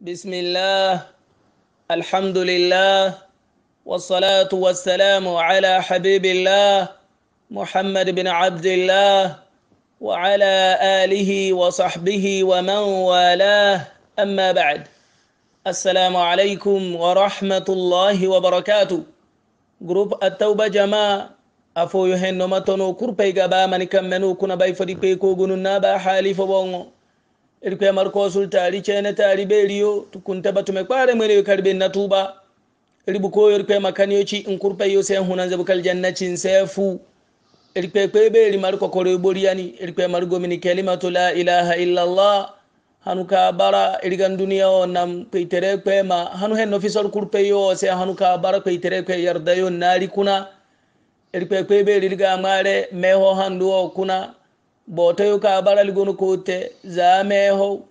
بسم الله الحمد لله والصلاة والسلام على حبيب الله محمد بن عبد الله وعلى آله وصحبه ومن والاه أما بعد السلام عليكم ورحمة الله وبركاته جروب التوبة جماعة أفو يهن متنو كربي غبا من كمنو كنا باي بيكو غنونا با حالي فبونغو irkwe markosul tari cene tari beriyo tukunta batume kware mwere karbe natuba ribu ko irkwe makaniyo ci Nkurpa kurpe yo sen hunan zabu kal jannatin sefu irkwe kwe beri marko kore boriyani irkwe margo mini kalimatu la ilaha illallah. hanu ka bara irgan duniya o nam peitere kwe ma hanu hen ofisor kurpe yo se hanu ka bara peitere kwe yo nari kuna irkwe kwe beri riga mare meho handu o kuna botoyo ka baral gunu kote za meho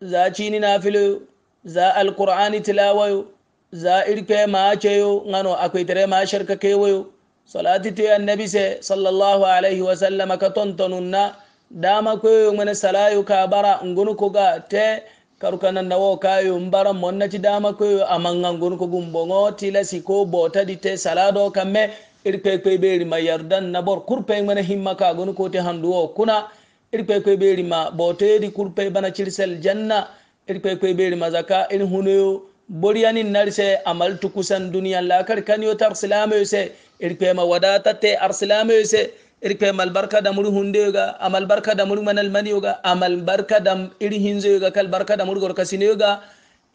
za chini nafiloyo za alqur'ani tilawayo za irke maceyo ngano akwaitere ma sharka kewayo salati te nabi se sallallahu alaihi sallam ka tontonunna dama kweyo ngene salayu ka bara ko koga te karukana nawo kayo mbara monnati dama kweyo amanga ngunu ko gumbongo tilasi ko botadi te salado kamme irkwekwe beri ma yardan na bor kurpe mana himma ka gonu kote handuwo kuna irkwekwe beri ma boteri kurpe bana cirsel janna irkwekwe beri ma zaka irin hunoyo boryanin narse amal tukusan duniya lakar kaniyo tar silamayo se irkwe ma wadata ar silamayo se irkwe mal barka da muru hunde ga amal barka da muru manal mani ga amal barka da iri hinze ga kal barka da muru gorkasiniyo ga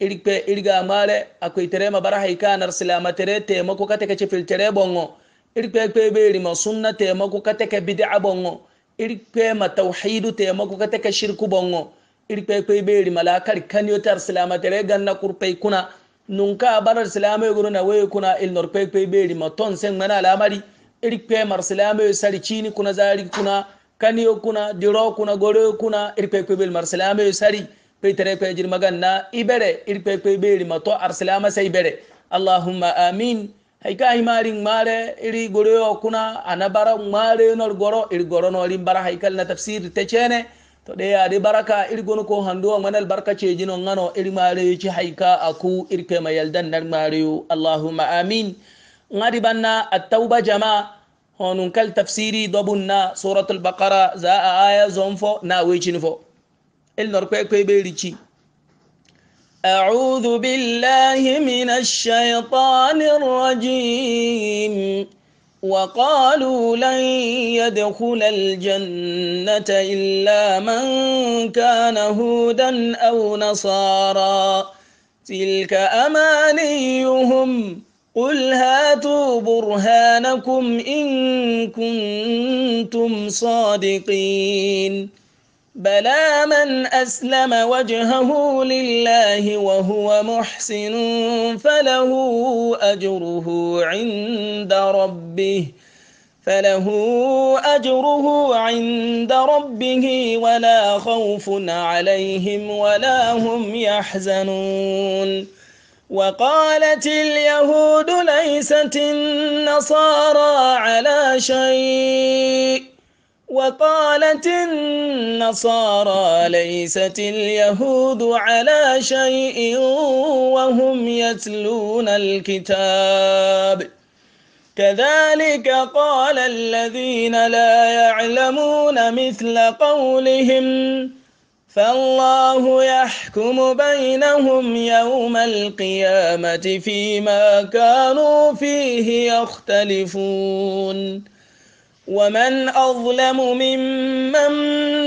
irkwe irga mare akwai tere ma bar haika nar silamatere te mako kate kace bongo irkpekpe ɓeeri ma sunna temako kateke bidia bongo irkpe ma tawhidu temako kateke shirku bongo irkpekpe ɓeeri ma lakari kanyo tar silama tere ganna kurpe kuna nunka barar yuguru na weye kuna ilnor kpekpe ɓeeri ma ton sen mana alamari irkpe mar yu sari chini kuna zari kuna kanyo kuna diro kuna gore kuna irkpekpe ɓeeri mar yu sari pey kwa kpe jirma ganna ibere irkpekpe ɓeeri ma to arsilama sey bere allahumma amin haika himarin mare iri gore yo kuna anabara mare nor goro iri goro no rin bara haikal na tafsir ta cene to de ya de baraka iri gono ko hando manal barka ce jino ngano iri mare ci haika aku iri ke mayaldan nar mare allahumma amin ngadi banna at-tauba jama'a honun kal tafsiri dabun na suratul baqara za a aya zonfo na wecin il nor kwe kwe be rici أعوذ بالله من الشيطان الرجيم وقالوا لن يدخل الجنة إلا من كان هودا أو نصارا تلك أمانيهم قل هاتوا برهانكم إن كنتم صادقين بلى من أسلم وجهه لله وهو محسن فله أجره عند ربه فله أجره عند ربه ولا خوف عليهم ولا هم يحزنون وقالت اليهود ليست النصارى على شيء وقالت النصارى ليست اليهود على شيء وهم يتلون الكتاب كذلك قال الذين لا يعلمون مثل قولهم فالله يحكم بينهم يوم القيامة فيما كانوا فيه يختلفون ومن أظلم ممن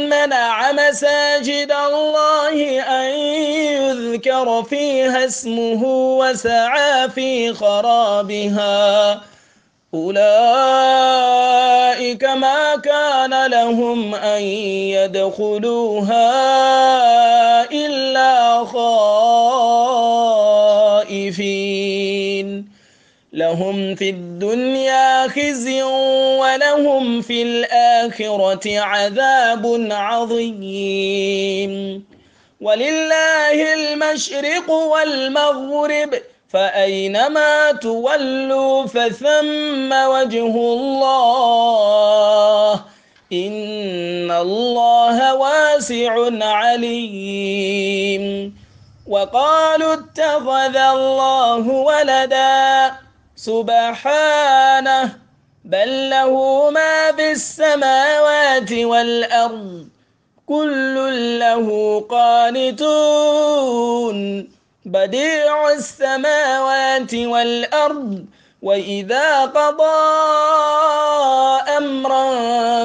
منع مساجد الله أن يذكر فيها اسمه وسعى في خرابها أولئك ما كان لهم أن يدخلوها إلا خائفين لهم في الدنيا خزي ولهم في الآخرة عذاب عظيم ولله المشرق والمغرب فأينما تولوا فثم وجه الله إن الله واسع عليم وقالوا اتخذ الله ولداً سبحانه بل له ما في السماوات والأرض كل له قانتون بديع السماوات والأرض وإذا قضى أمرا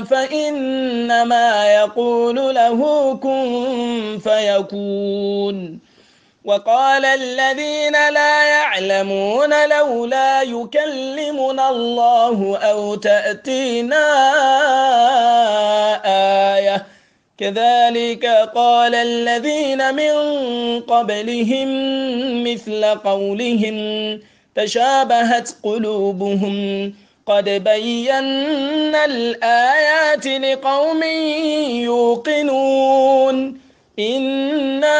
فإنما يقول له كن فيكون وقال الذين لا يعلمون لولا يكلمنا الله أو تأتينا آية كذلك قال الذين من قبلهم مثل قولهم تشابهت قلوبهم قد بينا الآيات لقوم يوقنون إنا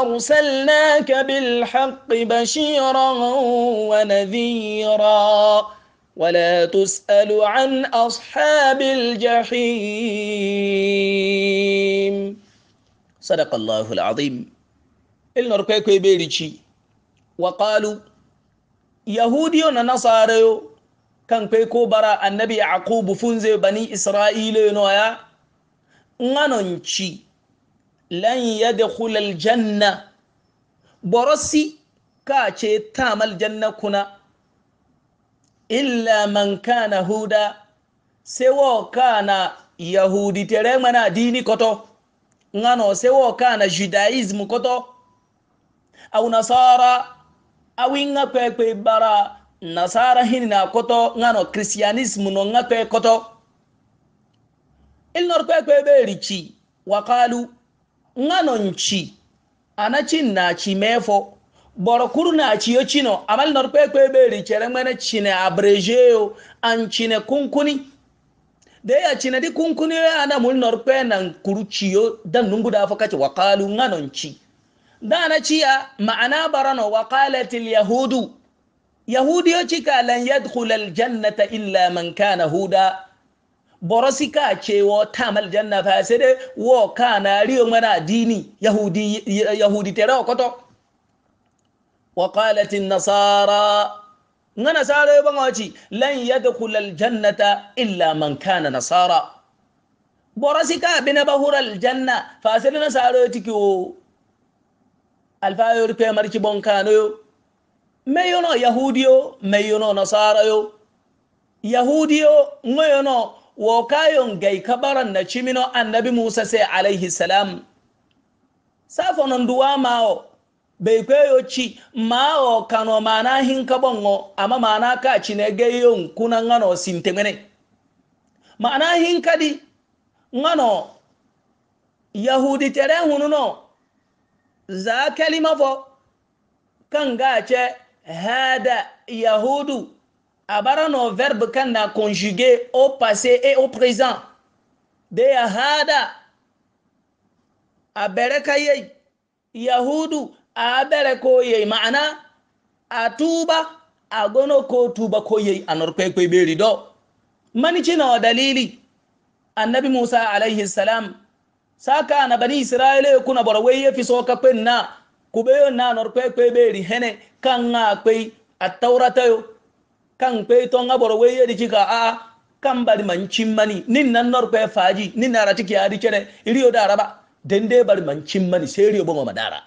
أرسلناك بالحق بشيرا ونذيرا ولا تسأل عن أصحاب الجحيم صدق الله العظيم ركيك بيريشي وقالوا يهودي ونصارى كان كيكو برا النبي عقوب فنزي بني إسرائيل نوايا no nganon ci lan yadkhul aljanna borosi ka ce tamal janna kuna illa man kana huda sai wo kana yahudi tere mana dini koto ngano sai wo kana judaism koto au nasara au inga kwekwe bara nasara hini na koto ngano christianism no nga kwe koto ilnor kwekwe berichi waqalu ngano nchi anachi na chimefo borokuru na chiyo chino amal norkwekwe beri chere mwene chine abrejeo an chine kunkuni da ya ci na di kunkuni ya na mul norpe nan kuruciyo dan nungu da fa kace waqalu nganon ci da na ci ya ma'ana barano waqalat al yahudu yahudiyo ci ka lan yadkhul al jannata illa man kana huda borosika cewa mal janna fa sai dai wo kana riyo mana dini yahudi yahudi ko to wa qalat an-nasara ngana sare bangoci lan yadkhul al-jannata illa man kana nasara borosika bin bahur al-janna fa sai na sare tikiwo alfayor pe marki bonkano yo me yahudiyo meyono nasara yo yahudiyo ngoyono Wokayon kayon gai kabaran na cimino annabi musa sai alaihi salam safonon duwa mawo bai kwayo ci mawo kano mana hin kabon o amma mana ka ci ne gayon kunan ngano sintemene mana hin kadi ngano yahudi tere hununo za kalima fo kan gace hada yahudu abara no verbe kan na conjugué au passé et au présent de ahada. hada a yahudu a ko ma'ana Atuba tuba ko tuba ko a ko do mani wa dalili annabi salam saka bani isra'ila kuna borowe ya soka na kubeyo na beri hene kanga kwe kwai kan kwe ton aboro we yedi chika a kan bari mancin mani nin nan nor pe faji nin na rati ki adi chere iriyo dara ba dende bari mancin mani seriyo bongo madara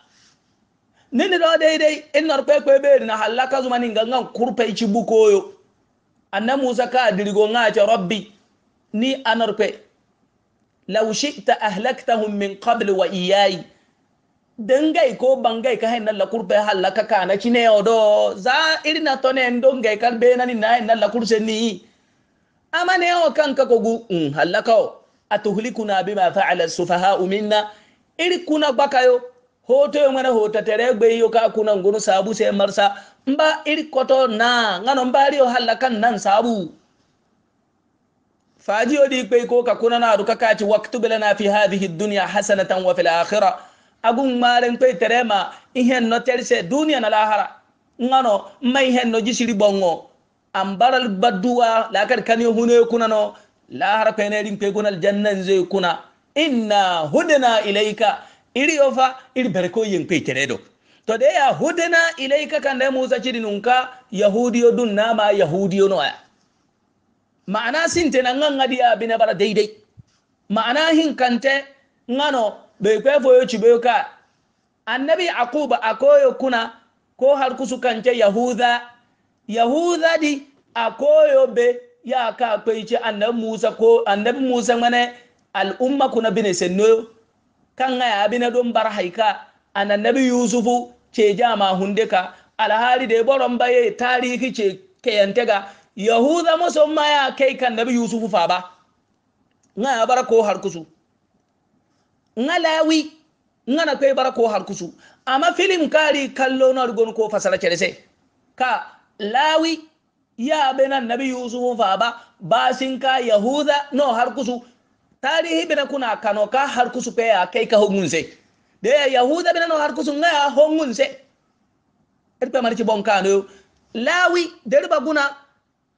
nin do daidai in nor pe kwe beri na halaka zuma nin gangan kurpe ichi yo anna musa ka dirigo nga cha rabbi ni anor pe law shi'ta ahlaktahum min qabl wa iyayi dengai ko bangai ka henna la kurbe halla ka kana chine odo za irina tone ndongai kan be nani na la kurse ni amane o kanka ko kogu um halla ka atuhlikuna bima fa'ala sufaha minna iri kuna bakayo hoto yo ngana hoto tere gbe yo ka kuna ngunu sabu se marsa mba iri koto na ngano ri o halla kan nan sabu faji odi pe ko ka kuna na ruka ka ci waqtu bilana fi hadhihi dunya hasanatan wa fil akhirah agun maren to terema ihen no terse dunia na lahara ngano ma ihe no jisiri bongo ambaral baduwa lakar kani hunu kuna no lahara pene rin pe gonal jannan zai kuna inna hudena ilaika iri ofa iri berko yin pe teredo to de ya hudena ilaika kan da musa ciri nunka yahudiyo dun nama yahudiyo no ma'ana sinte nan ngadi abina bara daidai ma'ana hin kante ngano bai kwe foyo cibe ka annabi akuba akoyo kuna ko har kusu kance yahuda yahuda di akoyo be ya ka kwai ce annabi musa ko annabi musa mane al'umma kuna bine senno kan ya na don bar haika annabi yusufu ce jama hunde alhali da boron baye tarihi ce kayantega yahuda ma ya kai kan nabi yusufu fa ba ya bar ko har kusu ngalawi ngana kai bara ko harkusu amma film kari kallo na rugon ko fasara kere ka lawi ya bena nabi yusuf fa ba basin ka yahuda no harkusu tarihi bena kuna kano ka harkusu pe ya kai ka hongun de yahuda bena no harkusu nga hongun sai erpe marci bonkano lawi derba guna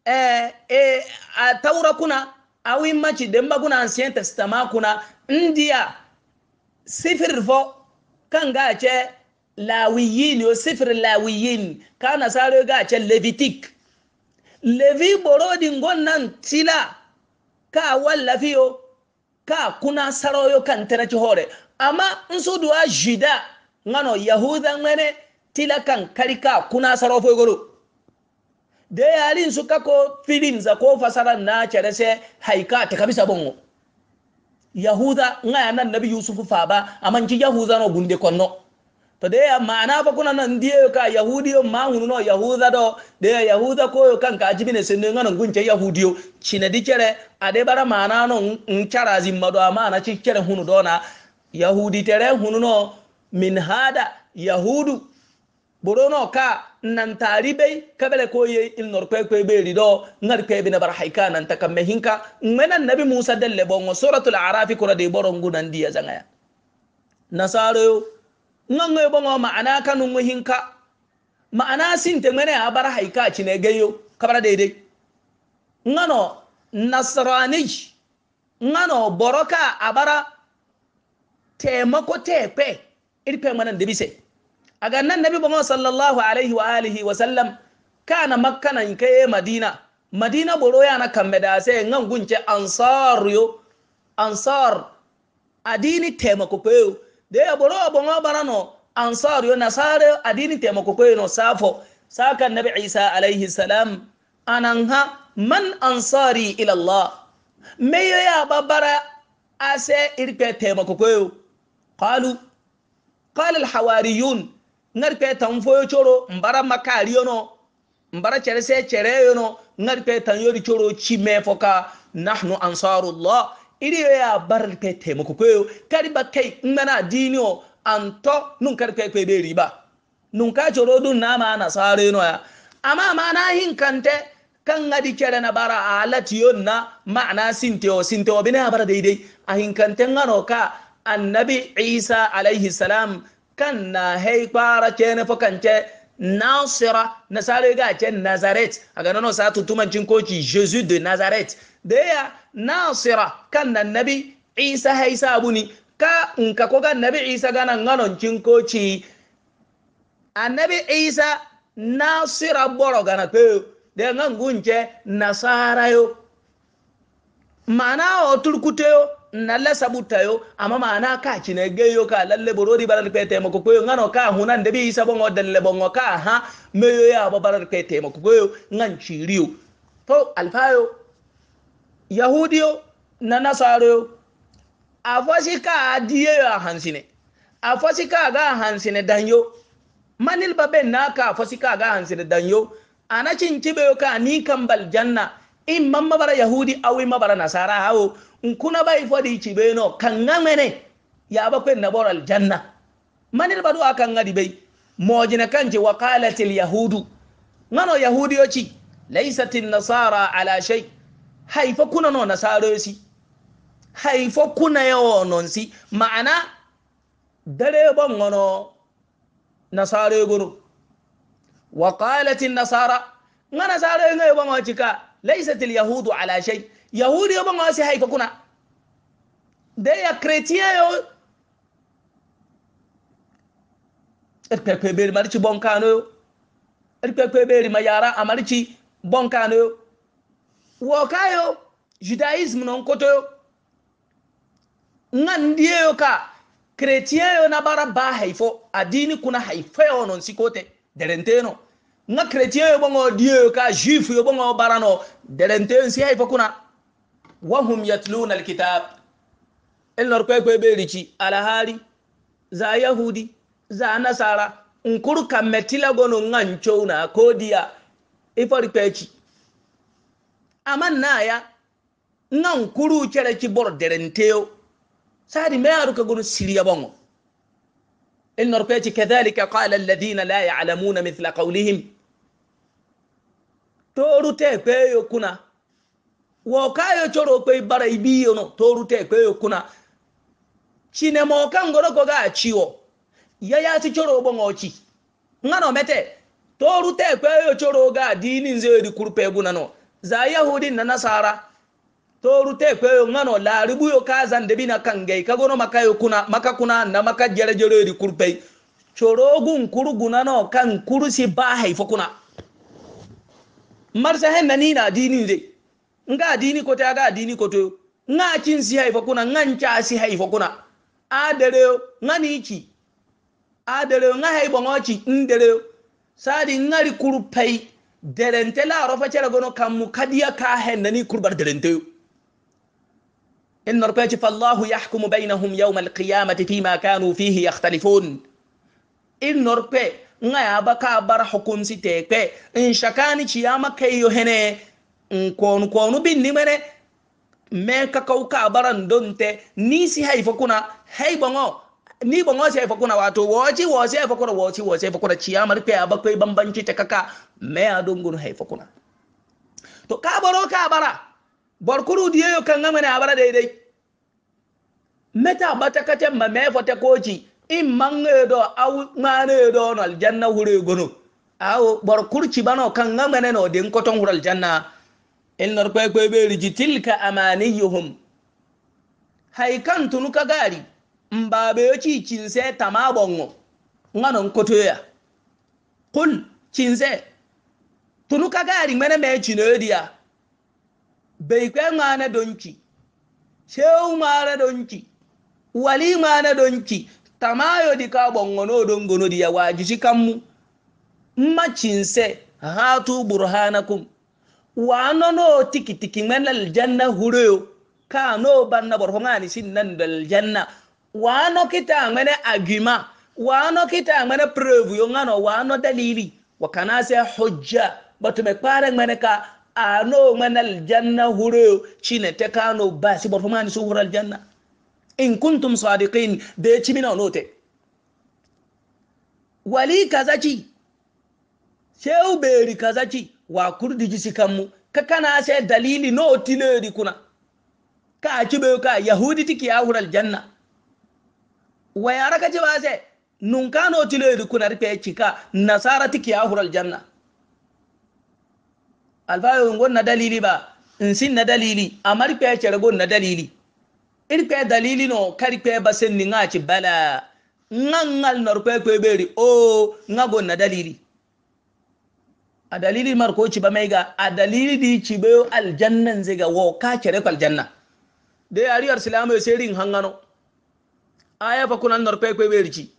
eh eh a taura kuna awi machi demba guna ancien testament kuna india sifir fo kan ga ce lawiyin yo sifir lawiyin ka nasaro ga ce levitik levi borodi ngon nan tila ka wallafi yo ka kuna saro yo kan tana ci hore amma in su duwa jida ngano yahuda ngene tila kan karika kuna saro fo goro de yarin su ko filin za ko fasara na cere se haika ta kabisa bongo yahuda ngaya nan nabi yusufu faba ji yahuda no gunde konno to de mana ba kuna nan ndiye ka yahudiyo ma no yahuda do de yahuda koyo kan ka jibine sinde ngana gunce yahudiyo cine dikere ade bara mana no nchara zimmado amana cikere hunu na yahudi tere no min hada yahudu borono ka nantari bai kabele ko ye il nor kwe kwe bai rido ngar kwe bi bar haika nan ta kamme hinka menan nabi musa dalle bongo suratul arafi kura de borongu nan diya zangaya nasaro ngango bongo ma'ana kanu ngo hinka ma'ana sinte mene a bar haika cine gayo kabara daidai ngano nasrani ngano boroka abara temako tepe irpe manan debise أجل النبي محمد صلى الله عليه وآله وسلم كان مكة إنك مدينة مدينة بروي أنا كم بداسة إنهم قنچ أنصار يو أنصار أديني تيمو كوكيو ده بروي أبو ما برانو أنصار يو نصار أديني تيمو كوكيو نصافو ساك النبي عيسى عليه السلام أنا ها من أنصاري إلى الله ميو يا ببرا أسي إركي تيمو كوكيو قالوا قال الحواريون ngari pe tan foyo choro mbara makari yono mbara chere se chere yono ngari pe tan yori choro chime foka nahnu ansarullah iri ya bar pe te mako koyo kari ba kai ngana dini o anto nun kari pe be beri ba nun ka choro dun na ma na sare yono ya amma ma na hin kante kan ngadi chere na bara alati na ma'ana sinte o sinte o bina bara daidai a hin kante ngano ka annabi isa alaihi salam kan na hei kpara cene fo kance nasira nasare ga ce nazaret a ga nono sa tutumancin koci jesus de nazaret da ya nasira kan na nabi isa hei sabu ni ka nka ko ga nabi isa gana nganoncin a nabi isa nasira boro gana pe da ngangunce nasara yo mana o turkuteyo nalla sabutayo amma mana ka cine geyo ka lalle borori barar pe tema ko koyo ngano ka hunan de bi sabongo dalle bongo ka ha meyo ya ba barar pe tema ko koyo ngan ciriyo to alfayo yahudiyo na nasaro afosi ka diye ya hansine afosi ka ga hansine danyo manil babe naka afosi ka ga hansine danyo ana cin cibe ka ni kambal janna imma bara yahudi awi imma bara nasara hawo nkuna bai fodi cibeno kanga mene yaba kwen na bora aljanna manil badu akanga dibai mojina kanje wa qalat alyahudu ngano yahudi yoci laysat an-nasara ala shay haifa kuna no nasara yosi haifa kuna yawo nonsi ma'ana dare bon ngono nasaro gono wa qalat nasara ngana sare ngai bon ocika ليست اليهود على شيء يهود يبقى ما سي هاي كونا ده يا كريتيان يو اركبكبير مارتي بونكانو اركبكبير ما يارا بون كانو وكايو judaism non koto ngandie yo ka kretien yo na bara ba haifo adini kuna haifo yo non sikote درنتينو nga chrétien yo bongo dieu ka juif yo bongo barano derente si hay fokuna wahum yatluna alkitab el nor kwe kwe berichi ala hali za yahudi za nasara nkuru kametila gono nga nchona kodia ifori pechi aman naya nga nkuru chere chibor derenteo sadi me aruka gono siriya bongo el nor kwe kadhalika qala alladhina la alamuna mithla qawlihim toru te kwe yo kuna wokayo choro kwe bara ibiyo no toru te kwe yo kuna chine moka ngoro koga yaya ti choro bongo chi ngano mete toru te kwe yo choro ga dini nze di kurupe guna no za yahudi na nasara toru te kwe yo ngano la ribu yo kazan debina kange kagono makayo kuna makakuna na makajere jere di kurupe choro gun kuru guna no kan kurusi ba haifo kuna marsa hen nani na dini de nga dini ko ta ga dini ko to nga kin si haifa kuna nga ncha si haifa kuna dere nga ni A dere nga haibo nga ki ndere sadi ngari dere ntela la fa cera gono mu kadiya ka hen nani kurbar derente إن ربك فالله يحكم بينهم يوم القيامة فيما كانوا فيه يختلفون إن ربك nga ya baka bar hukum si tekpe in shakani ci ya maka yo hene in konu konu bin ni mene me ka kauka baran donte ni si haifa kuna haiba ngo ni ban wasu haifa kuna wato wace wace haifa kuna wace wace haifa kuna ciya marfe a bakwai bambanci ta kaka me a dungun haifa kuna to ka baro ka bara barkuru diye yo kan ngama ne abara daidai meta bata katen ma me fata koji immangeɗo aw maneɗo no aljanna huregono aw ɓor kurcibano kanga meneno den koton huro aljanna elnor kwekwe ɓeeri ji tilka amaniyuhum hay kan tunu ka gaari mbaɓeyo ci cinse tama ɓongo ganon kotoya kul cinse tunu ka gaari mene me cinoyodiya bey kwe ŋane donki sew mare donki wali ŋane donki di ka ɓongonoɗon di ya wajiji kammu macinse hatu burhanakum wanono tiki tiki ŋen aljanna huroyo ka no banna borfo ŋani sinnando aljanna wano kita ŋene agima wano kita ŋene preuve yo wa wano dalili wakanase hujja batume kpare ŋene ka ano ŋene aljanna ka n'o kano basi borfo ŋani su huro aljanna in kuntum sadiqin da ya ci mina note wali kazaci shehu beri kazaci wa kurdiji sikanmu ka kana sai dalili no tileri kuna ka ci be ka yahudi tiki ya hural janna wa yara ka ci ba sai nun ka no tileri kuna rufe cika nasara tiki ya hural janna alfayo ngon na dalili ba in sin na dalili amar pe cergon na dalili irpe dalili no kari basen ni nga ci bala nga ngal nar kwe kwe beri o oh, nga go na dalili a dalili mar ko ci ba mai ga a dalili di ci bayo aljannan zai ga wo ka kere kwal janna da ar silamu sai seri hangano aya fa kunan nar kwe kwe beri ci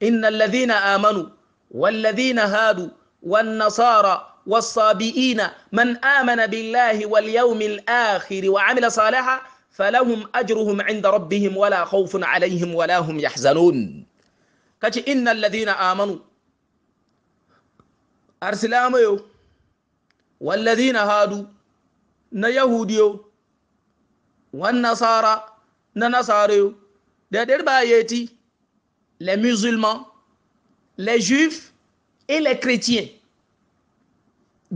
innal ladina amanu wal ladina hadu wan nasara والصابئين من آمن بالله واليوم الآخر وعمل صالحا فلهم أجرهم عند ربهم ولا خوف عليهم ولا هم يحزنون كج إن الذين آمنوا أرسلاميو والذين هادوا نيهوديو والنصارى ننصاريو ده دير بايتي للمسلمين للجيف إلى الكريتين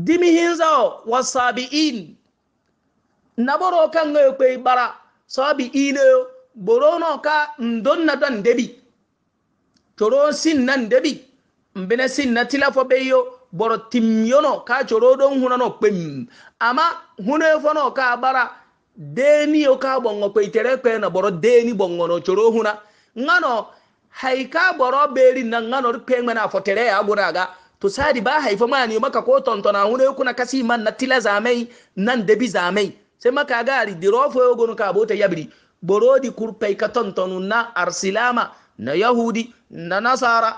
ديمي هنزاو والصابئين naboro kangayo kpei bara sababi ileyo borono ka ndon na da ndebi coro sin na ndebi mbene sin na tilafo beyo boro timyono ka coro don hunano kpem ama huno fono ka bara deni yo ka bongo kpei tere kpei na boro deni bongo no coro huna ngano hay ka boro beri na ngano kpei mena fo tere ya aga to sadi ba hay fo mani maka ko tontona huno kuna kasi man na tilaza mai nan debi za mai sema kagaari dirofoyogonu ka bote yaɓri borodi kurpeyka tontonu na arsilama na yahudi na nasara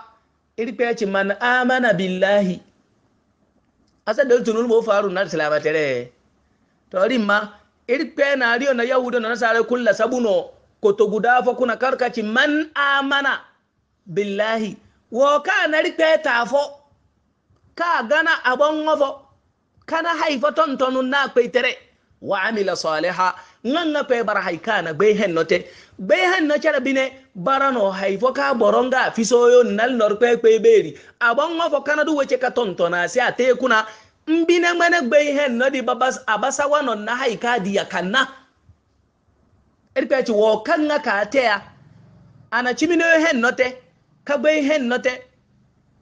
iri peci man amana billahi asadeltunulmo faru na arsilama tere torimma iri penario na yahudi na nasara kulla sabuno kotogudafo kuna karkaci man amana billahi wo ka nari petafo ka gana abongofo kana haifo tontonu na kpeytere wa amila saliha ngan na pe bara hay kana be hen note be hen na cara bine bara no hay fo ka boronga fisoyo nal nor pe pe beri abon ngo fo kanadu weche ka tontona se ate kuna mbine mene be hen no di babas abasa wano na hay ka di yakanna erpe ci wo kan ka tea ana chimino hen note ka be hen note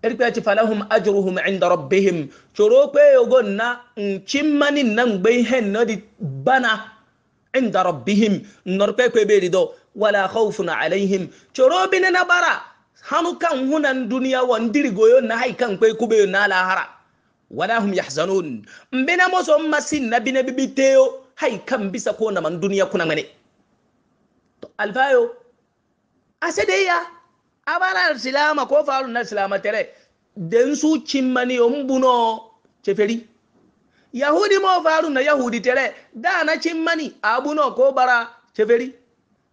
erikpe ti falahum ajruhum inda rabbihim coro pe yogo na nchimmani na ngbe ihe no di bana inda rabbihim nor pe pe beri do wala khawfun alaihim coro bine na bara hanu kan hunan duniya wan dirigoyo na hai kan pe kube na lahara wala hum yahzanun mbina moso masin na bine bibiteo hai kan bisa ko na man duniya kuna ngane to alfayo asedeya abara silama ko faru na silama tere den su cimmani on buno ceferi yahudi mo faru na yahudi tere da na cimmani abuno ko bara ceferi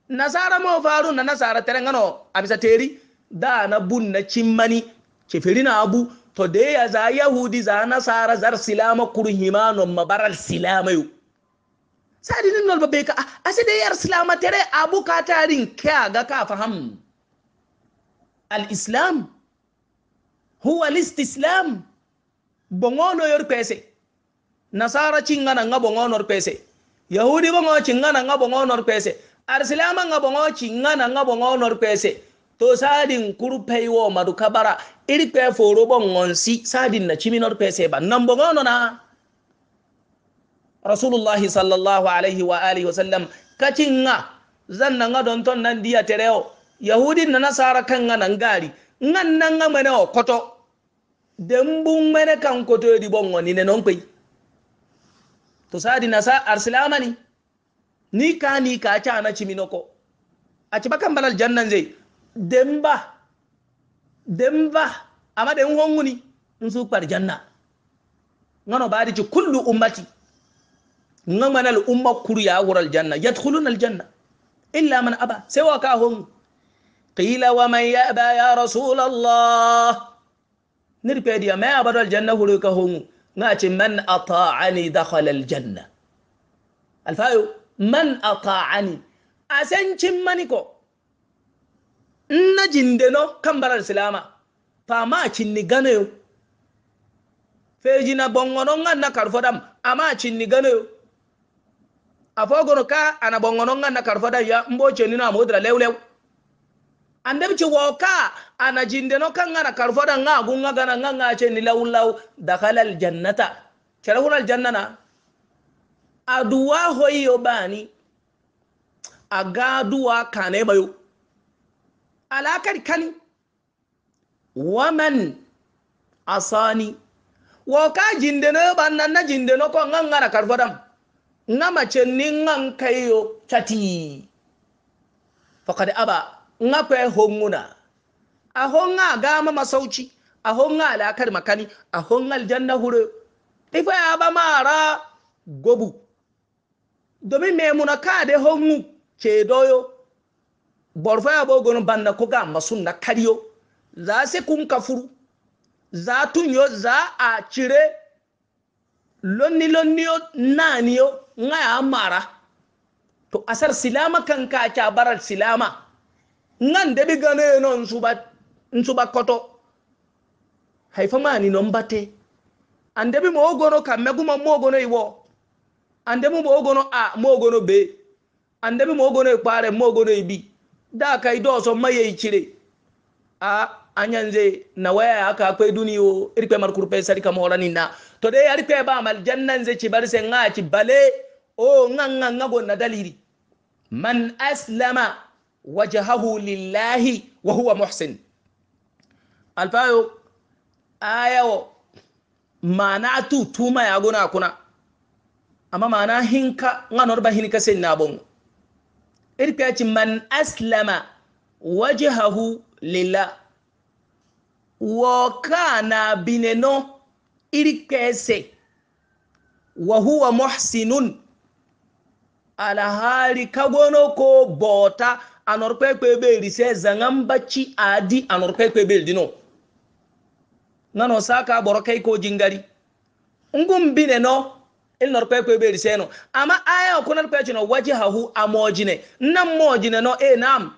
nasara mo faru na nasara tere ngano abisa teri da na bun na cimmani ceferi na abu to da ya za yahudi za nasara zar silama kurhimanon mabaral silama yu. sadinin nolba bai ka a sai da yar silama tere abu ka tarin ka ga ka faham الإسلام هو الاستسلام بونغونو يربيسي nasara chingana nga bongonor pese yahudi bongo chingana nga bongonor pese arsilama nga bongo chingana nga bongonor pese to sadin kurpei wo madukabara iri pe foro bongonsi sadin na chiminor pese ba nan bongono na rasulullahi sallallahu alaihi wa alihi wasallam kachinga zanna nga donton nan dia tereo yahudi na nasara kan nga nan gari ngan nan nga mene okoto dembu mene kan koto yodi bongo ni ne nonkwe to sadi nasa arsilama ni ni ka ni ka cha na chiminoko a ci bakan balal jannan zai demba demba amma da yin ni in su kwar janna ngano ba da ci kullu ummati ngamanal umma kuru ya wural janna yadkhuluna na janna illa man aba sai wa ka hon قيل ومن يأبى يا رسول الله نربي يا ما أبدا الجنة هلوك ناتي من أطاعني دخل الجنة الفايو من أطاعني أسنشم منكو na jindeno kan barar silama fama cinni ganayo feji na bongonon an na karfodam ama cinni ganayo afogono ka ana bongonon na karfodam ya mbo cenino amodira lewlew lew. annabi ce woka ana jindeno kan ngana karfoda nga gunga gana nga nga ce ni law law dakhala al jannata charahuna al jannana aduwa hoyo bani aga aduwa kane bayo alakar kani waman asani woka jindeno banna na jindeno kan nga na karfoda nga mace ni nga kayo chati faqad aba nga pe honguna a honga gama masauci a honga alakar makani a honga aljanna hure ifa ya ba mara gobu domin memuna ka de hongu ke doyo borfa ya bogon banda ko ga masun na kariyo za se kun kafuru za tunyo za a cire lonni yo, naniyo nga ya mara to asar silama kan ka barar silama nan debi gane no nsuba nsuba koto haifa mani no mbate andebi mo gono kamme guma mo gono iwo andebi mo gono a mo gono be andebi mo gono ipare mo gono ibi da kai do so maye ikire a anyanze na waya aka akwai duniyo irpe markurpe sarika moholani na to dai yarpe ba mal jannan ze ci barse nga ci bale o nga nga nga gonna daliri man aslama wajahahu lillahi wa huwa muhsin alfayo ayawo mana tu tuma ya gona kuna amma mana hinka nganor ba hinka sen na bon man aslama wajahahu lilla. wa kana bineno irkese wa huwa muhsinun alahari kagono ko bota anor pepe beri se zangan bacci adi anor pepe beri dino nano saka boro kai ko jingari ngum bine no il nor pepe beri se no ama aya ko nor pepe no wajahahu amojine nan mojine no e eh, nam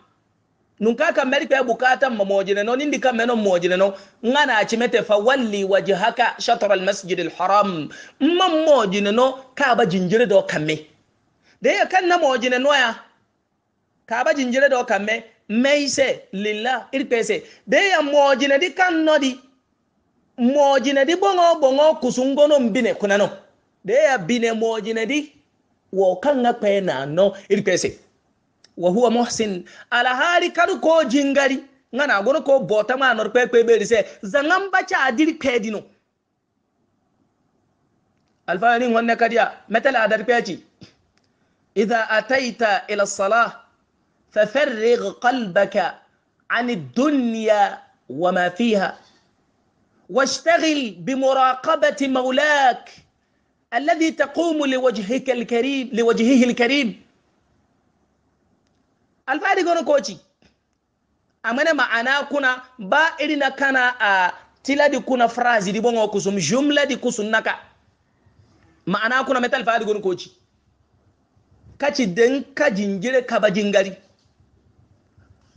nun kaka meri pe bukata mamojine no nindi ka meno mojine no ngana chimete fa walli wajhaka shatr al masjid al haram mamojine no ka ba jinjire do kamme da ya kan na mojine no ya kaaba jinjire do kamme meise lilla irpese de ya mojine di kanno di mojine di bongo bongo kusungono mbine kunano de ya bine mojine di wo kanga pena no irpese wa huwa muhsin ala hali kadu ko jingari ngana gono ko bota ma nor pepe beri se zangam bacha adiri pedino alfani wonne kadiya metal adar peci idha ataita ila salah ففرغ قلبك عن الدنيا وما فيها واشتغل بمراقبه مولاك الذي تقوم لوجهك الكريم لوجهه الكريم الفارق كوتي أمانة معنا كنا با كنا آه، تلا دي كنا فرازي دي بونغو كسوم جملة دي كسوم نكا معنا كنا متل فارغون كوشي كاتي دن كاجنجيري كابا جنجاري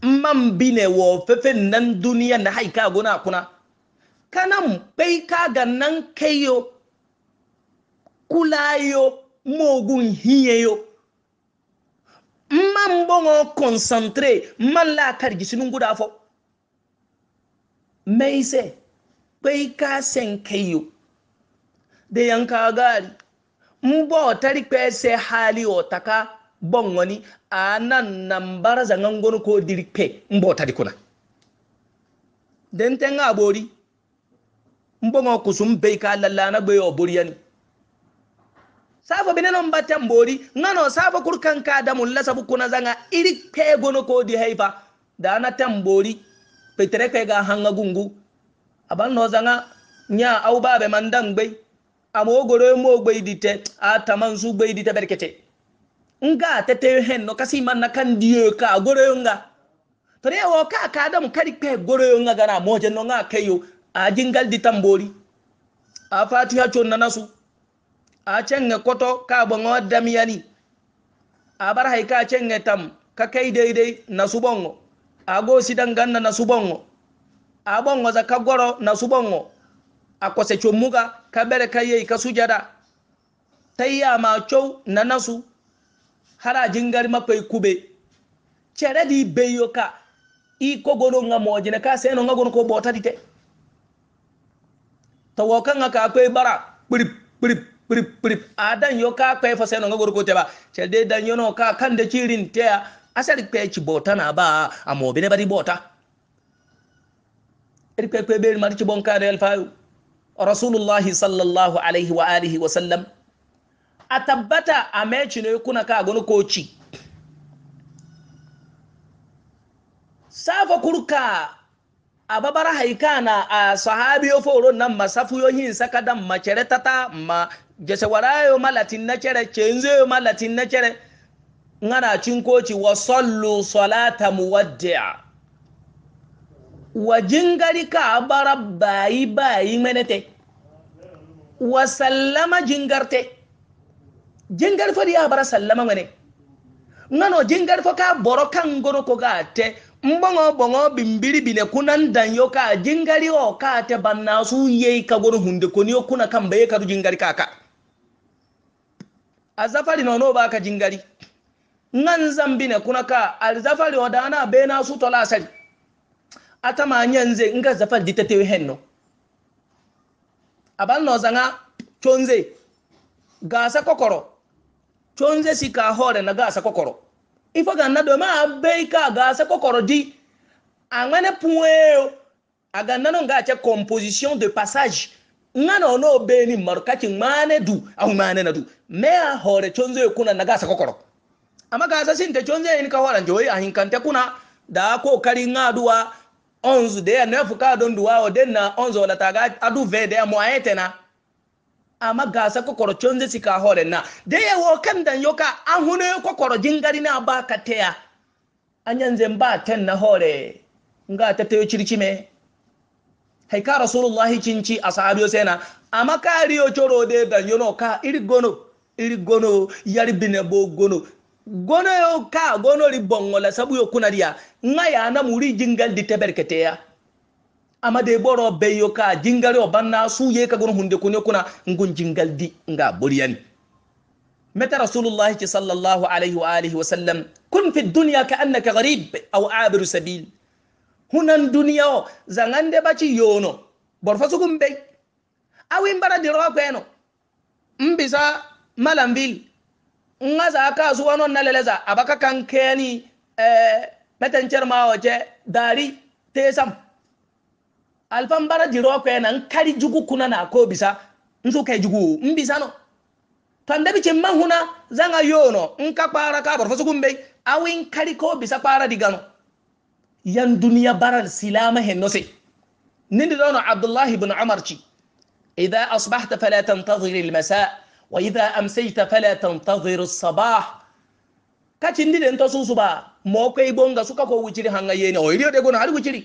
man ne wo fefe nan duniya na haika guna kuna kanan bai ga nan kayo kulayo mogun yo man bongo concentré man la gi sinun guda fo mai se bai ka sen kayo da yanka gari mbo tari pese hali otaka bon wani a nan bar zangan gono ko dirpe mbota dikuna den tenga abori mbongo kusum be ka na be yani safa bineno ta mbori ngano safa kurkan ka da mulla sabu kuna zanga iri ke gono ko di haifa da na tambori petere kai ga hanga gungu aban no zanga nya au babe mandan be amo goro mo gbe dite a taman su gbe dite berkete nga teteyo hen no kasi man na kan diyo ka goroyo nga tore wo ka ka da mu kari pe goroyo nga gana je no nga kayo a jingal di tambori a fatiha chon na nasu a cenge koto ka bongo damiyani a bar hay ka cenge tam ka kai daidai na bongo, a go sidan ganna na bongo a bongo za ka goro na bongo a kwase chomuga ka bere ka yei ka sujada tayya ma chow na nasu hara jingari mappe e kuɓe ceredi beyo ka i kogono ga mojine ka seno ga gono ko botati te tawo kaga ka kpe bara prip prip prip prip a dan yo ka kpe fo seno ga gono ko teba cerede dan yono ka kande cirin teya asari kpe ci bota na ba a mobine bari bota eri kpe kpe beri mari ci bon kade alfayu rasulullahi sallallahu alayhi wa alihi wa sallam a tabbata a meci ne kuna ka gani koci safa kurka a babar haika na a sahabiyo foron nan saka dan macere tata ma jese warayo malatin na cere cenzeyo malatin na cere ngana cin koci wa sallu salata muwaddi'a wa jingari ka bara yi bayi menete wa sallama jingarte jingar fo ya bara sallama ngane ngano jingar fo ka boro kan goro ko ga te mbongo bongo bimbiri bine kunan dan yo ka jingari o ka te banna su ye ka goro hunde ko ni o kuna kan baye ka jingari kaka azafari no no ba ka jingari ngan zambi ne kuna ka alzafari o dana be na su tola sari atama nyanze nga zafari ditetewe henno abal no zanga chonze gasa kokoro chonze sika hore na gasa kokoro ifo ganna do ma beika gasa kokoro di angane pueo aganna no ngache composition de passage ngana ono obeni markati mane du au mane na du me a hore chonze kuna na gasa kokoro amma gasa sinte chonze ni ka hora njoyi ahinkante kuna da ko kari ngaduwa onzu de na fuka don duwa o den na onzo la taga adu ve de mo ayetena amma gasa kokoro chonze sika hore na de ye wo kan dan yoka an huno kokoro jingari na ba ka teya anyan zan ba ten na hore nga ta tayo circime hay ka rasulullahi cinci asahabiyo sena amma ka riyo choro de dan no ka iri gono iri gono yari bine bo gono gono yo ka gono ri bongola sabu yo kunaria nga ya na muri jingal di teberketeya amma dai boro bayo ka jingare o banna su ye ka gon hunde kuni kuna ngun jingal di nga buriyani meta rasulullahi ci sallallahu alaihi wa alihi wa sallam kun fi dunya ka annaka gharib aw abir sabil hunan dunya o zangande ba ci yono bor fa sugum bay awi mbara di rogo eno mbisa malambil nga za ka su wanon na leleza abaka kan keni eh metan cermawo je dari tesam sam Alfan jiro ko na nkari jugu kuna na ko bisa nso kai jugu mbisa no tanda bice man huna zanga yono nka kpara ka barfa sugun bai awi nkari ko bisa kpara digano yan duniya baral silama henno se nindi dono abdullah ibn umar ci idha asbahta fala tantazir masa. wa idha amsayta fala tantazir as-sabah kacin dide to susu ba mo ko ibonga suka ko wuciri hanga yene o iriyo de gono har wuciri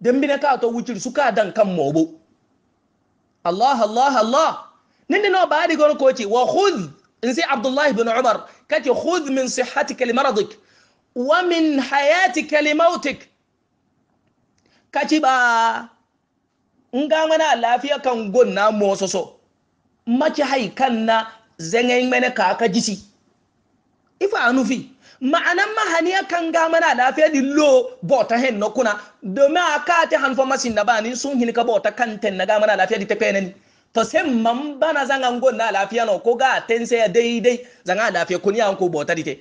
na ka to wuciri suka dan kan mobo allah allah allah ninde ba baadi gon ko ce? wa khudh in sai abdullah ibn umar kace khudh min sihhatika li maradik wa min hayatika li mautik kaci ba in ga mana lafiya kan gon na mososo maci hai kan na zangen mana ka ka jisi ifa anufi ma'anan mahani kan ga mana lafiya lo bota hen no kuna domin a ka ta hanfa masin na bani sun hin ka bota kan ten na ga mana lafiya di ta penani to sai man bana zanga ngon na lafiya no ko ga ten sai dai zanga lafiya kun yan ko bota di te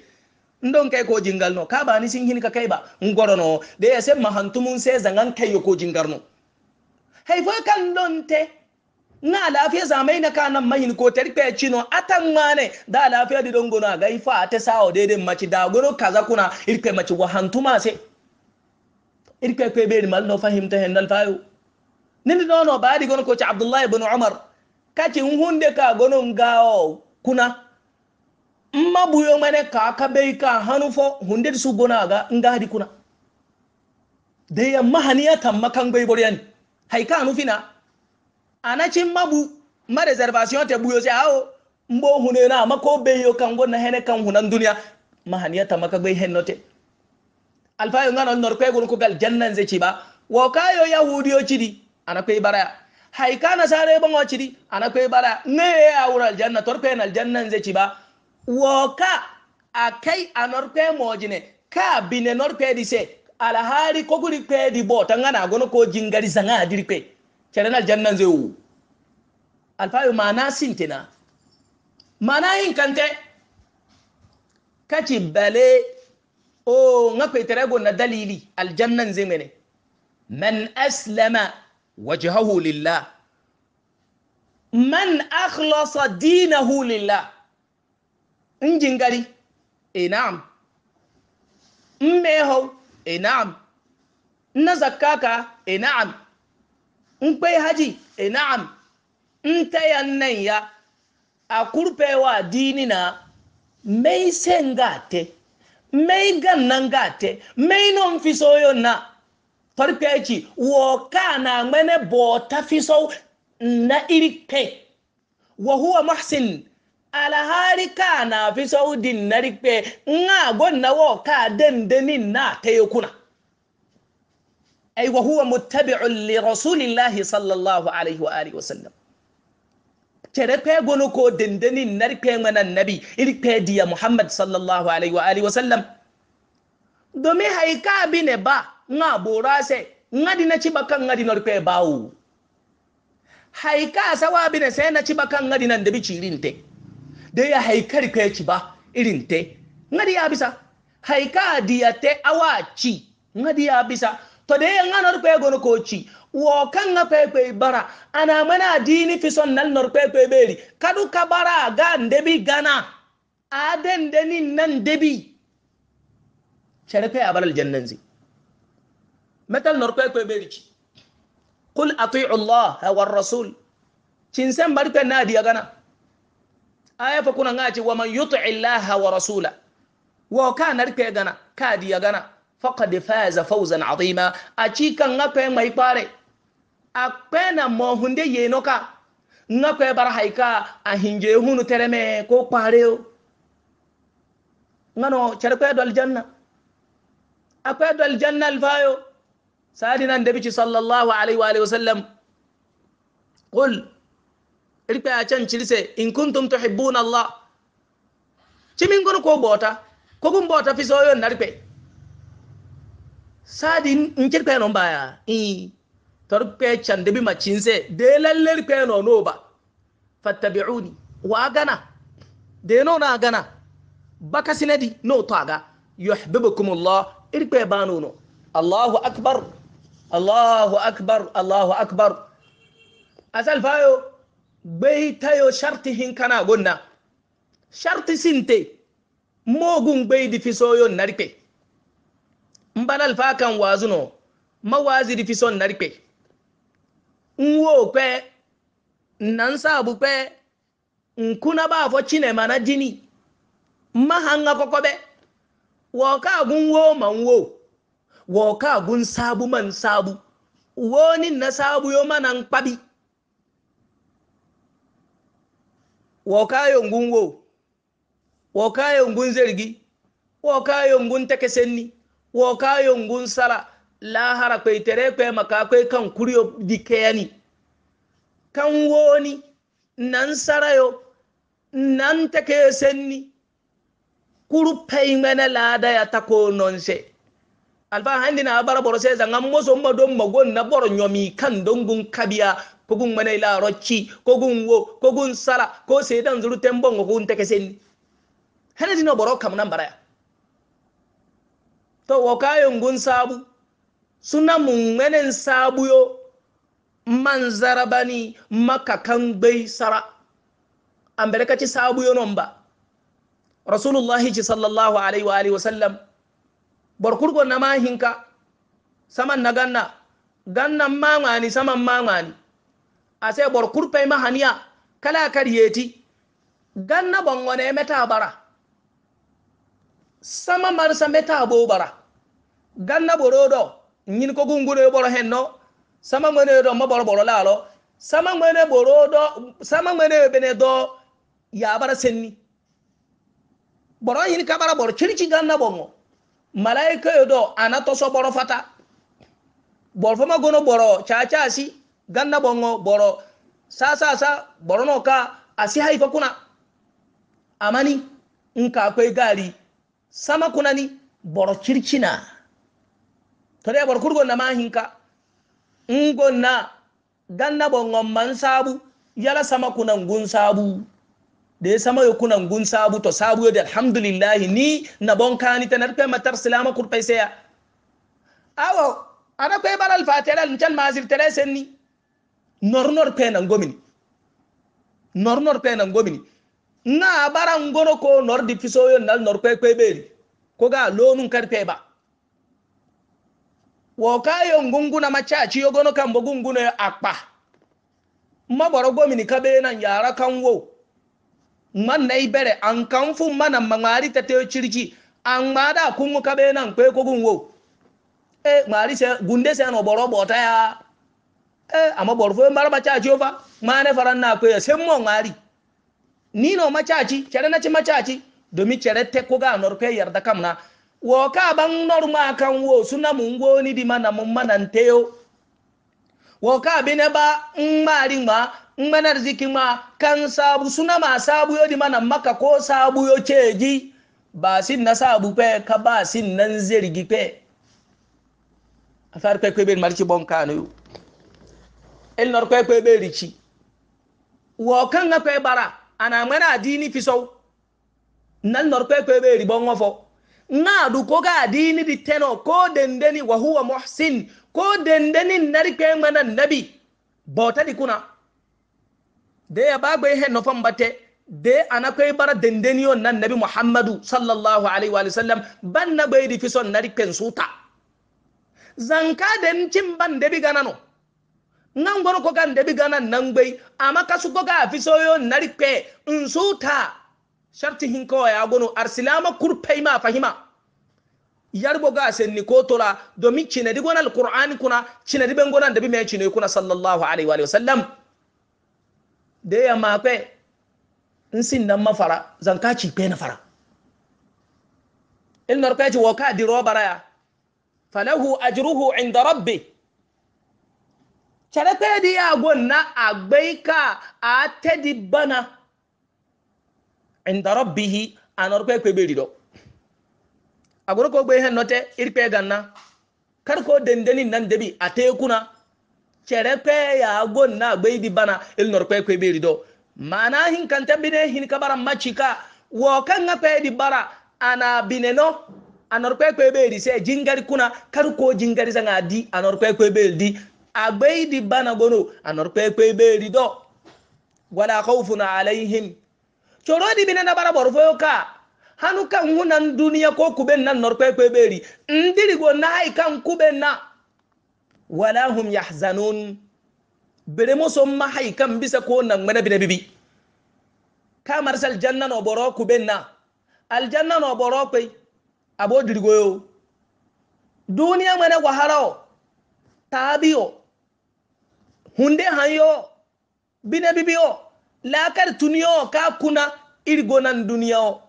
ndon kai ko jingal no ka bani sun hin ka kai ba ngoro no de ya sai mahantumun sai zanga kai ko jingar no hay fo kan don te na lafiya zamai na kanan mahin ko tarpe cino atan mane da lafiya di don gona ga ifa ta sawo daidai maci da gono kaza kuna irke maci wahantu ma se irke ko be mal no fahimta hen dal fayo nindi no no baadi gono ko ci abdullahi ibn umar kaci hunde ka gono ngao kuna mma buyo mane ka ka be ka hanufo hunde su gona ga ngadi kuna da yamma haniya tamma kan bai boryan haika hanufina a na anachi mmagbu ma reservation te gbuyo si ahụ mgbe ohune na amaka obeghị ụka ngwo na hene ka ngwụ na ndunia mahani ya tamakagbe ihe nnote alfayo ngano nor kwe gun kugal jannan ze ciba wo kayo yahudiyo cidi anakwe baraya haika na sare bango cidi anakwe baraya ne ya wura aljanna torpe na aljannan ze ciba wa ka a a kai akai anorpe mojine ka bine norpe dise alahari koguri kwe di bo tangana gono ko jingari zanga adiri kwe kenana jannan zewu alfayo mana sintena mana yin kante kaci bale o nga kwetere go na dalili al aljannan zemene man aslama wajhahu lillah man akhlasa dinahu lillah injin gari نعم na'am mmeho e نعم na zakaka e na'am in kwai haji e na'am in tayan nan ya a kurfewa dini na mai sen gate mai gannan gate mai non fi soyo na farfeci wo na mene bota fi so na irikpe wa huwa muhsin ka na fi so din na rikpe nga gonna wo ka dandanin na tayekuna kuna أي وهو متبع لرسول sallallahu alaihi wa عليه وآله وسلم kerepe gono ko dendeni narpe mana nabi irpe diya muhammad sallallahu alaihi wa alihi wasallam domin haika bine ba nga bora se ngadi na cibakan ngadi narpe bawo haika sawa bine sai na ci cibakan ngadi nan da bi cirinte da ya haikar kai ci ba irinte Nga ya bisa haika diya te awaci Nga ya bisa to de yan anor pe gono kochi wo kan ga pe pe bara ana mana dini fi son nan nor pe pe beri kadu ka bara ga ndebi gana aden deni nan debi chere pe abalal jannanzi metal nor pe pe beri ci qul ati'u allah wa rasul cin sen bari pe na gana aya fa kuna ngaci wa man yuti'i allah wa rasula wo ka nar pe gana ka diya gana فقد فاز فوزا عظيما اجيكا نقا ماي باري اقنا ما هندي ينوكا نقا بار هايكا اهنجي هونو تريمي كو باريو نانو تشركو يدو الجنه اقيدو الجنه الفايو سادنا النبي صلى الله عليه واله وسلم قل ركا اچن تشلسي ان كنتم تحبون الله تيمين غورو كو بوتا كوغوم بوتا في سويو ناربي saadi n ker kpeno mbaya tor kpe can debi ma cinse de laller kpeno noba fattabiuni waagana deno naagana bakasinedi no toaga yuhbibukum llah ir kpe banuno allahu akbar allahu akbar allahu akbar asalfayo gbeytayo sharti hinkana gonna sharti sinte mogun gbeydi fisoyo narkpe mbanal fa kan wazuno mawazi di fison narpe nwo pe nan sabu pe nkuna ba fo chine mana jini mahanga kokobe wo ka gun wo man wo wo ka gun sabu man sabu woni na sabu yo manan kpabi wo ka yo ngun wo wo ka yo ngun zergi wo ka yo ngun tekesenni wo ka yungun sala lahara kwe tere ko maka kwe kan kuriyo dikeyani kan woni nan sarayo nan take senni kuru peymene ta tako nonse alfa handi na bara boro se zanga moso ma don mago na boro nyomi kan dongun kabiya kogun mane la rocci kogun wo kogun sala ko se dan zuru tembo ngun take senni hanadi no boro kam nan baraya to wa kayon gun sabu suna mun menen sabu yo man zarabani maka kan bai sara an barkaci sabu yo non ba rasulullahi ci sallallahu alaihi wa alihi wa sallam barkurgo na mahinka saman na ganna gannan mamani saman mamani a sai barkur fai mahaniya kala karyeti ganna bongo ne meta bara sama marsa meta bo bara ganna boro do nyin ko gungure boro henno sama mene do ma boro boro lalo sama mene boro do sama mene bene do ya bara senni boro yin ka bara boro chirichi ganna bongo malaika do anato so boro fata boro fama gono boro cha cha si ganna bongo boro sa sa sa boro no ka asi haifa kuna amani nka akwai gari sama kunani boro circina tode kurgo na mahinka ngo na, ganna bo saabu yala sama kuna ngun sabu de ya yo kunan gun sabu to sabu da alhamdulillah ni na bon kani tanar pe matar salama kur seya awo ana pe balal fatela nchal mazir tere senni nor nor pe na ngomini nor nor pe na ngomini na bara ngono ko nor di fiso yo nal nor kwe kwe beri ko ga lonu kar pe ba wo ka yo ngungu na machachi yo gono kan bogungu ne akpa ma boro gomi ni kabe na yara kan wo man na ibere an kan fu mana mangari ta te chiriki an ma da kungu kabe na kwe ko gunwo e ngari se gunde se no boro bota ya e ama boro fo mara machachi yo fa ne faran na kwe ya mo ngari Ni no machachi cere na chimachachi macaci domin cere te ko ga norpe yarda kamna wo ka ban norma kan wo suna mun ni di mana mun mana teo wo ka bine ba in mari ma in manar ziki ma kan sabu suna ma sabu yo di mana maka ko sabu yo cheji ba sin na sabu pe ka ba sin nan zirgi pe afar pe kwebe marci bon no el nor kwebe rici wo kan na kwe bara ana ngwena adini fiso na nor pe pe be ri bongo fo du ko ga adini di teno ko dendeni wa huwa muhsin ko dendeni nari pe ngwena nabi bota di kuna de ya bagbe he no fam de ana kai bara dendeni on nan nabi muhammadu sallallahu alaihi wa sallam ban na bai di fiso nari pensuta zanka den cin ban debi ganano nan gwaro ko kan debi gana nan a ma kasu ko a fi soyo nsu ta, sharti hin ko ya gono arsilama kurpai ma fahima yarbo ga ni ko tola domin cina di gonal qur'an kuna cina di ben gonan debi mai cine kuna sallallahu alaihi wa sallam de ya ma pe nsin nan mafara zanka ci pe na fara in narpe ji wo ka di robara ya falahu ajruhu inda Rabbi. kyerɛkɛ di yagon na agbeika a tɛdi bana indarɔ bihi a nɔrɔkɛ kpɛ bɛ ridɔ a gɔrɔ ko gbɛ hɛn nɔtɛ irikpɛ ganna kari ko dendeni nan debi a tɛ kunna kyerɛkɛ yagon na agbeyi di bana il nɔrɔkɛ kpɛ bɛ ridɔ maana hin kantɛ bine hin kabara macika wɔ kan ka kpɛ di bara ana binenɔ a nɔrɔkɛ kpɛ bɛ ri sɛ jingari kunna kari ko jingari sɛ ŋa di a nɔrɔkɛ kpɛ bɛ di agbeydi bana gono anor pepe beri do wala khawfun alaihim corodi binana bara borfo ka hanu kan hunan duniya ko kuben nan nor pepe beri ndirigo nai kan kuben na wala hum yahzanun beremo so mahai kan bisa ko nan mana binabibi ka marsal janna no boro kuben na aljanna no boro pe abo dirigo yo duniya mana waharao tabiyo hunde hanyo bine bibiyo lakar tuniyo ka kuna irgonan duniya o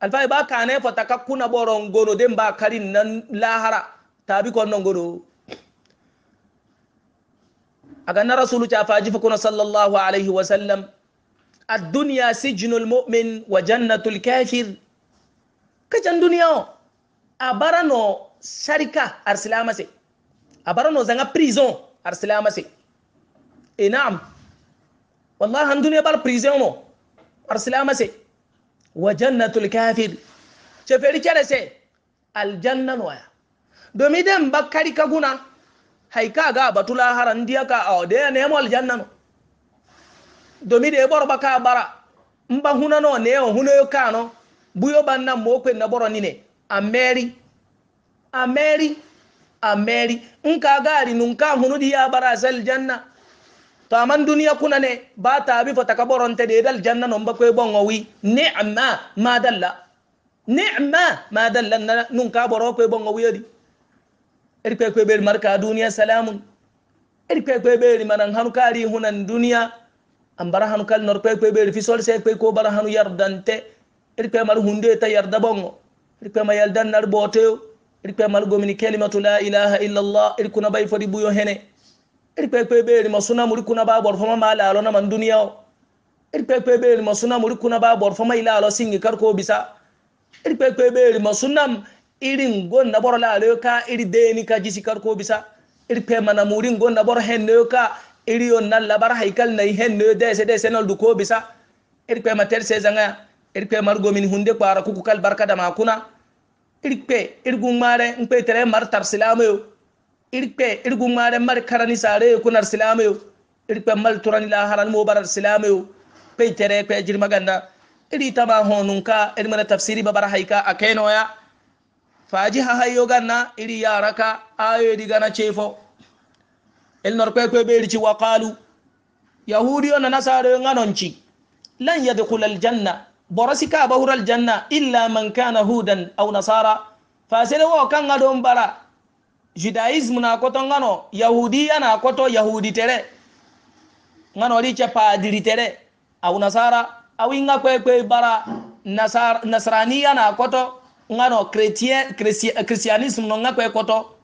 alfai ba ka ne fata ka kuna boron gono den ba karin nan lahara tabi ko non gono aga na rasulu ta faji kuna sallallahu alaihi wa sallam ad-dunya sijnul mu'min wa jannatul kafir kajan duniya o abarano sharika arsilama se abarano zanga prison ارسلام سي اي نعم والله ان دنيا بار وجنه الكافر شفيري كده سي الجنه نويا دومي دم بكاري كغونا هاي كاغا باتولا هران ديا كا او ديا نيمو الجنه نو دومي دي بور بكا بارا مبا هنا نو نيو هنا يو كانو بويو بانا موكو نبورو نيني اميري اميري ameri nka gari nunka di ya sel janna to aman duniya kuna ne ba ta bi fa kaboronte da dal janna non ba kai bon owi ni'ma ma dalla ni'ma ma dalla nunka boro kwe bon owi yodi eri kwe kwe beri marka duniya salamun eri kwe kwe beri manan hanu kari hunan duniya an bara hanu kal nor kwe kwe beri fi sol se kwe ko bara hanu yardante eri kwe mar hunde ta yarda bongo eri kwe ma yaldan nar boteyo iri kwe malgo la ilaha illa allah iri kuna bai fodi buyo hene iri kwe kwe be iri masuna muri kuna ba bor fama mala alo na man duniya o iri kwe kwe be iri masuna muri kuna ba bor fama ila alo singi karko bisa iri kwe kwe be iri ngon na bor la alo ka iri deni ka jisi karko bisa iri mana muri ngon na bor henne ka iri yon na labar haikal na henne dese dese na duko bisa iri mater sezanga iri kwe margo hunde kwara kuku kal barka da makuna irikpe mare nkpe tere mar tar irkpe irikpe mare mar karani sare kunar yo irkpe mal turani la haran mo barar yo pe tere pe jir maganda iri tama iri mana tafsiri babar haika akenoya faji ha hayo ganna iri yaraka ayo digana chefo elnor kwe kwe berici waqalu yahudiyo na ngano nganonci lan yadkhulal janna borosika abahura aljanna illa man kana hudan aw nasara fasele wo kanga don bara judaism na koto ngano yahudi ana koto yahudi tere ngano ri che padiri tere aw nasara aw inga kwe kwe bara nasar nasrani ana koto ngano chrétien christianism no nga kwe koto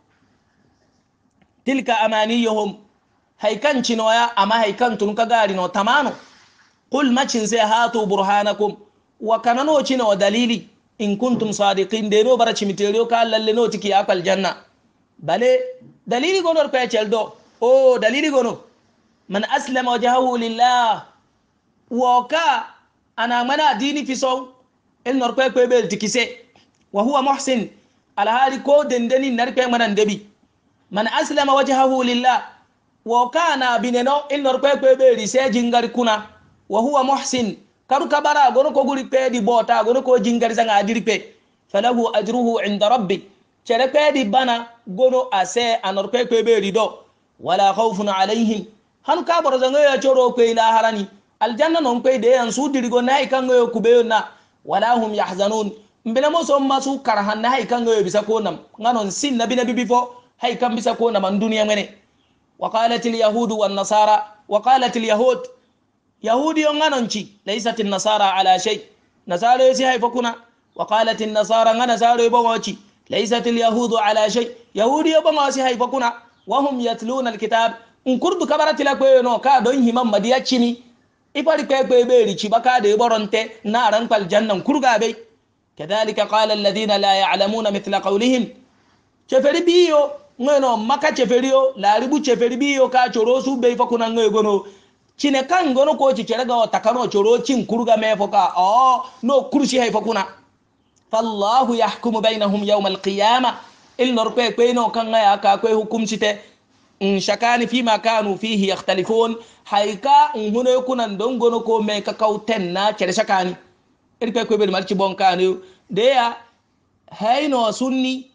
tilka amaniyuhum haikan cinoya ama haikan tun ka gari no tamano qul macin sai hatu burhanakum wa kanano cina wa dalili in kuntum sadiqin de no bara cimiterio ka lalle no tiki janna bale dalili gonor pecel do o dalili gono man aslama wajhahu lillah wo ka ana mana dini fisow el nor pepe bel tikise wa huwa muhsin ko dendeni nar pe manan debi man aslama wajhahu lillah wo ka ana bineno el nor pepe karu ka gono ko guri pedi bota gono ko jingari sanga adiri pe falahu ajruhu inda rabbi chere pedi bana gono ase anor pe pe beri do wala khawfun alaihim han kabaro zanga ya choro pe ila harani aljanna non pe de an su dirigo nai kango yo kubeyo na wala hum yahzanun mbele mo so masu karhan nai kango yo bisa konam nganon sin nabi nabi bifo hay kam bisa konam an duniya ngene وقالت اليهود والنصارى وقالت اليهود yahudi on ganonci nasara ala shay ya si hay fokuna wa nasara ga nasaroyo bogoci laysat lyahudu ala shay yahudiyo bogo si hay fokuna wahum yatluna alkitab nkurdu kabaratila kweyono ka don himan madiya cini ifari kwekwe ɓeeri ciba kada e ɓoronte naran kpal janna nkurgaɓey kadhalika qala alladina la yalamuna mithla qawlihim ceferi ɓiyo ŋeno maka ceferi yo laaribu ceferi biyo! ka corosu ɓey fokuna ŋegono cine kan gono ko ci kere ga wata kano coro cin kurga me foka o no kurshi hay fokuna fallahu yahkumu bainahum yawm alqiyama il nor pe pe no kan ga ka ko hukum cite in mm, shakani fi ma kanu fihi yakhtalifun hayka in mm, huno kunan don gono ko me ka kauten na kere shakani ir pe ko be malci bon kanu de ya hayno sunni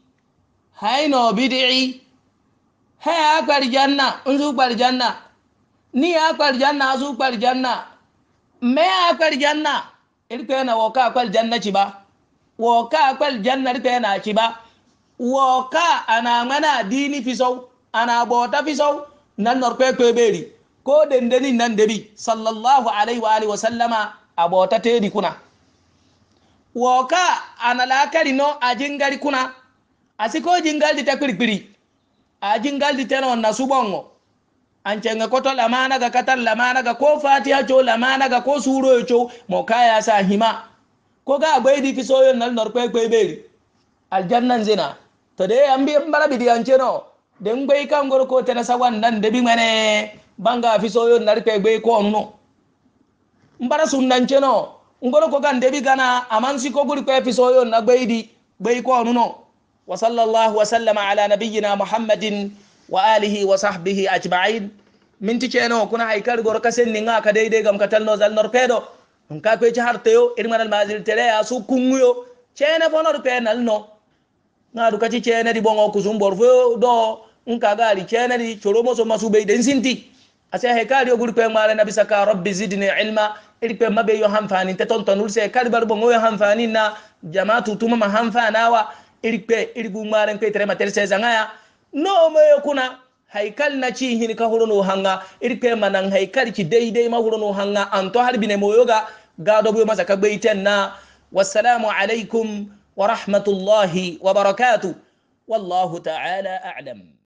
hay hayno bid'i hay akbar janna unzu akbar janna ni ya kwal janna su kwal janna me ya kwal janna irpe na ka kwal janna ci ba ka kwal janna irpe na ci ba ka ana mana dini fisau ana bota fisau nan norpe ri. ko dendeni nan debi sallallahu alaihi wa alihi wa sallama abota di kuna ka ana lakari no ajingari kuna asiko jingaldi ta jingal ajingaldi tena na subongo ancenge koto lamanaga katan lamanaga ko fatiha co lamanaga ko suroyo co mo kayasa hima ko ga gbaydi kisoyon nal norkwe kwe beri aljannan zina to de ambi mbara bidi anceno de gbay kan gor ko tena sawan nan de bimene banga fisoyon nal kwe gbay ko onno mbara sundan ceno ngoro ko gan debi gana aman si ko guri kwe fisoyon na gbaydi gbay ko onno wa sallallahu wa sallama ala nabiyyina muhammadin wa alihi wa sahbihi ajma'in minti ceno kuna haikar gor kasen ni nga ka daidai gam katal no zal norpedo on ka ko ci harte yo irman al mazil tele ya su kunguyo cene fo norpenal no nga du ci cene di bongo kusum bor fo do on ka gari cene di choromo so masu be den sinti ase haikar yo gurpe mare nabi saka rabbi zidni ilma irpe mabe yo hanfani te ton tonul se kar bar bongo yo hanfani na jama'atu tuma ma hanfanawa irpe irgu mare ko tere mater se zangaya no mai kuna haikal na ci hin ka hurno hanga irke manan haikal ki daidai ma hurno hanga an to harbi ne moyo ga ga masa ka na wassalamu alaikum wa rahmatullahi wa barakatuh wallahu ta'ala a'lam